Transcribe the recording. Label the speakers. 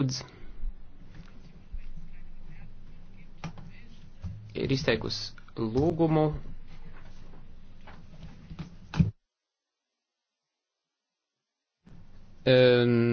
Speaker 1: Lūdzu. ir izteikusi lūgumu.
Speaker 2: Um,